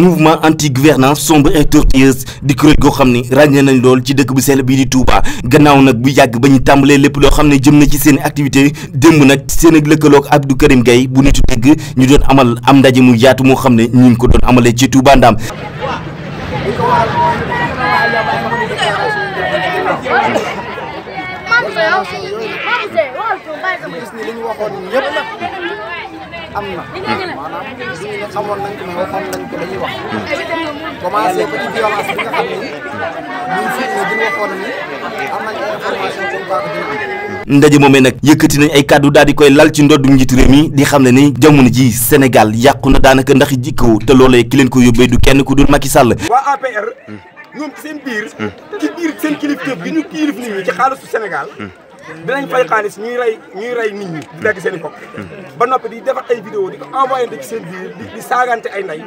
mouvement anti gouvernance sombre et di kuréel goo xam ni ràññee nañ lool ci dëkk bu sell bii di Touba gannaaw nag bu yàgg ba ñu tàmbalee lépp loo xam ne jëm na ci seen activité démb nag seen ak lëkkaloog Abdou Karim Gaye bu nitu dëgg ñu doon amal am ndaje mu yaatu moo xam ne ñu ngi ko doon amalee ci Touba Ndam am na. maanaam ndaje moomee nag yëkkati nañ ay kàddu daal di koy lal ci ndoddu njiitu réew mi di xam ne ni jamono ji Sénégal yàqu na daanaka ndax jikko te loolee ki leen ko yóbbee du kenn ku dul Macky Sall. waa APR. ñoom seen biir. ci biir seen kilifteef gi ñu kilif nit ñi ci xaalisu Sénégal. dinañ fay xaalis ñuy rey ñuy rey nit ñi di lekk seen ba noppi di defar ay vidéo di ko envoyé ci seen biir di saagante ay ndey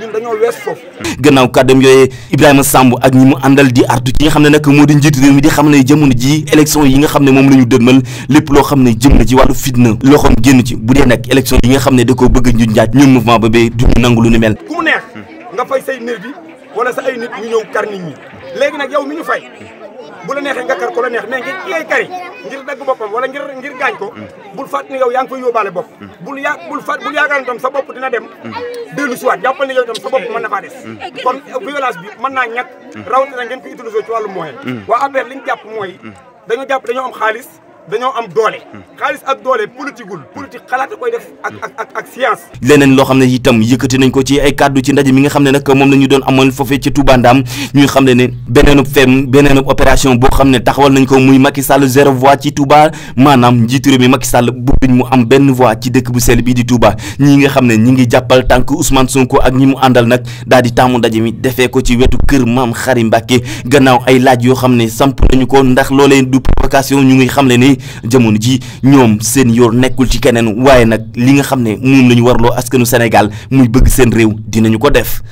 ñun dañoo wees foofu gannaaw kàddam yooyee Ibrahima Samb ak ñi mu àndal di artu ci nga xam ne nag moo di njiitu réew mi di xam ne jamono ji élection yi nga xam ne moom la ñu dëdmal lépp loo xam ne jëm na ci wàllu fitna loxoom génn ci bu dee nag élection yi nga xam ne da koo bëgg ñu njaaj ñun mouvement ba bee duñu nangu lu ni mel bu la neexee nga kar ko la neex mais ngir ki ngay kari ngir dagg boppam wala ngir gaañ ko bul fàtt ni yow yóbbaale bopp bul yaa bul fàtt bul yaakaar tam sa bopp dina dem dellu si waat jàppal ne yow tam sa bopp mën na faa kon violence bi mën naa ñàkk rawatina ngeen ko utiliser ci wàllu moyen waa affaire li jàpp mooy dañoo jàpp dañoo am xaalis dañoo am doole. xaalis ak doole politique gul xalaat ak science. leneen loo xam ne itam yëkkati nañ ko ci ay kàddu ci ndaje mi nga xam ne nag moom la ñu doon amal foofee ci Touba Ndam xam ne ne beneen fem beneen opération boo xam ne taxawal nañ ko muy Macky sàll zéro voix ci Touba maanaam njiitu réew mi Macky Sall bëgguñ mu am benn voix ci dëkk bu sell bii di Touba ñi nga xam ne ñi ngi jàppal tànk Ousmane Sonko ak ñi mu àndal nag daal di taamu ndaje mi defee ko ci wetu kër maam Xari Mbàkke gannaaw ay laaj yoo xam ne samp nañu ko ndax loolee ñu ngi xam ne jamono ji ñoom seen yoon nekkul ci keneen waaye nag li nga xam ne moom la ñu warloo askanu Sénégal muy bëgg seen réew dinañu ko def